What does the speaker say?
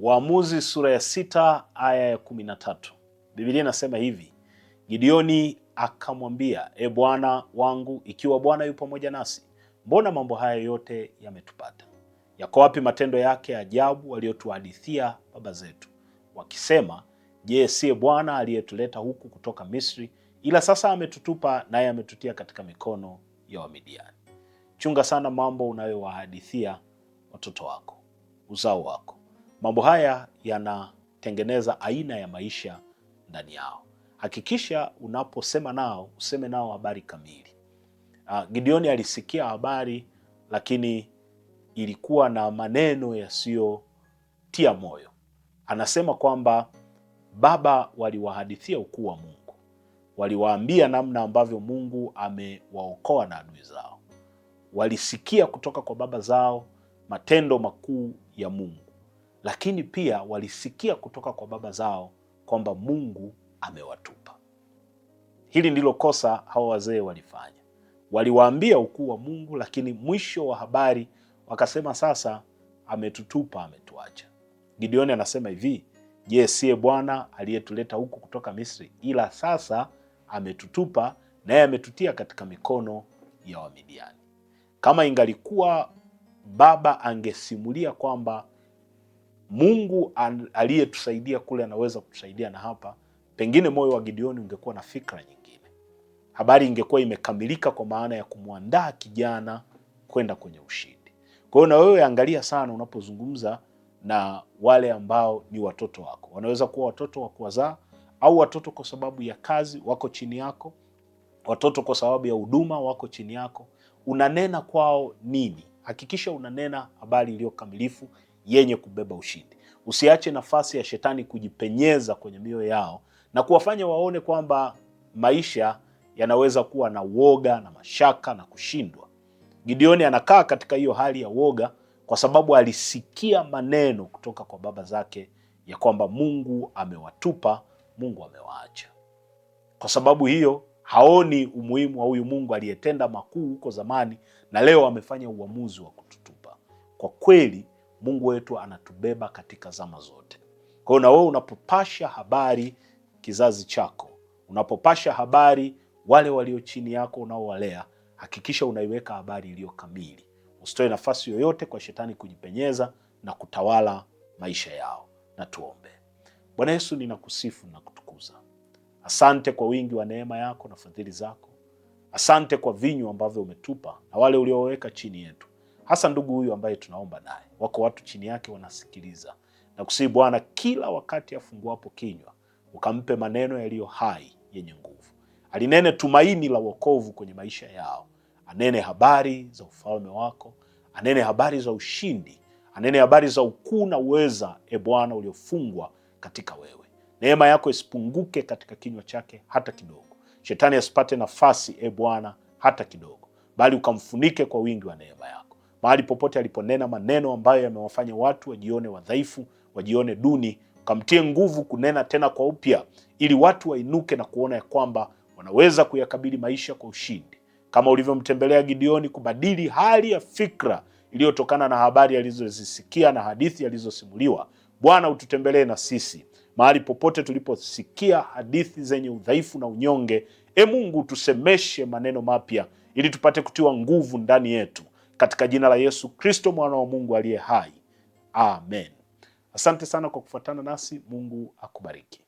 Waamuzi sura ya sita aya ya kumi na tatu Biblia inasema hivi, Gideoni akamwambia, e Bwana wangu, ikiwa Bwana yu pamoja nasi, mbona mambo haya yote yametupata? Yako wapi matendo yake ajabu aliyotuhadithia baba zetu, wakisema, je, siye Bwana aliyetuleta huku kutoka Misri? Ila sasa ametutupa, naye ametutia katika mikono ya Wamidiani. Chunga sana mambo unayowahadithia watoto wako, uzao wako. Mambo haya yanatengeneza aina ya maisha ndani yao. Hakikisha unaposema nao useme nao habari kamili. Uh, Gideoni alisikia habari lakini ilikuwa na maneno yasiyotia moyo. Anasema kwamba baba waliwahadithia ukuu wa Mungu, waliwaambia namna ambavyo Mungu amewaokoa na adui zao. Walisikia kutoka kwa baba zao matendo makuu ya Mungu lakini pia walisikia kutoka kwa baba zao kwamba Mungu amewatupa. Hili ndilo kosa hawa wazee walifanya. Waliwaambia ukuu wa Mungu, lakini mwisho wa habari wakasema sasa ametutupa, ametuacha. Gideoni anasema hivi, je, siye Bwana aliyetuleta huku kutoka Misri? Ila sasa ametutupa, naye ametutia katika mikono ya Wamidiani. Kama ingalikuwa baba angesimulia kwamba Mungu aliyetusaidia kule anaweza kutusaidia na hapa. Pengine moyo wa Gideoni ungekuwa na fikra nyingine, habari ingekuwa imekamilika kwa maana ya kumwandaa kijana kwenda kwenye ushindi. Kwa hiyo na wewe angalia sana unapozungumza na wale ambao ni watoto wako, wanaweza kuwa watoto wa kuwazaa au watoto kwa sababu ya kazi wako chini yako, watoto kwa sababu ya huduma wako chini yako. Unanena kwao nini? Hakikisha unanena habari iliyokamilifu yenye kubeba ushindi. Usiache nafasi ya shetani kujipenyeza kwenye mioyo yao na kuwafanya waone kwamba maisha yanaweza kuwa na woga na mashaka na kushindwa. Gideoni anakaa katika hiyo hali ya woga kwa sababu alisikia maneno kutoka kwa baba zake ya kwamba Mungu amewatupa, Mungu amewaacha. Kwa sababu hiyo haoni umuhimu wa huyu Mungu aliyetenda makuu huko zamani na leo amefanya uamuzi wa kututupa. Kwa kweli Mungu wetu anatubeba katika zama zote. Kwa hiyo na wewe unapopasha habari kizazi chako, unapopasha habari wale walio chini yako unaowalea, hakikisha unaiweka habari iliyo kamili. Usitoe nafasi yoyote kwa shetani kujipenyeza na kutawala maisha yao. Na tuombe. Bwana Yesu, ninakusifu na kutukuza. Asante kwa wingi wa neema yako na fadhili zako. Asante kwa vinywa ambavyo umetupa na wale ulioweka chini yetu hasa ndugu huyu ambaye tunaomba naye. Wako watu chini yake wanasikiliza, na kusii. Bwana kila wakati afunguapo kinywa ukampe maneno yaliyo hai yenye nguvu, alinene tumaini la wokovu kwenye maisha yao, anene habari za ufalme wako, anene habari za ushindi, anene habari za ukuu na uweza, e Bwana, uliofungwa katika wewe. Neema yako isipunguke katika kinywa chake hata kidogo, shetani asipate nafasi, e Bwana, hata kidogo, bali ukamfunike kwa wingi wa neema yako mahali popote aliponena maneno ambayo yamewafanya watu wajione wadhaifu, wajione duni, ukamtie nguvu kunena tena kwa upya, ili watu wainuke na kuona ya kwamba wanaweza kuyakabili maisha kwa ushindi, kama ulivyomtembelea Gideoni kubadili hali ya fikra iliyotokana na habari alizozisikia na hadithi alizosimuliwa. Bwana ututembelee na sisi mahali popote tuliposikia hadithi zenye udhaifu na unyonge. E Mungu, tusemeshe maneno mapya ili tupate kutiwa nguvu ndani yetu katika jina la Yesu Kristo mwana wa Mungu aliye hai, amen. Asante sana kwa kufuatana nasi. Mungu akubariki.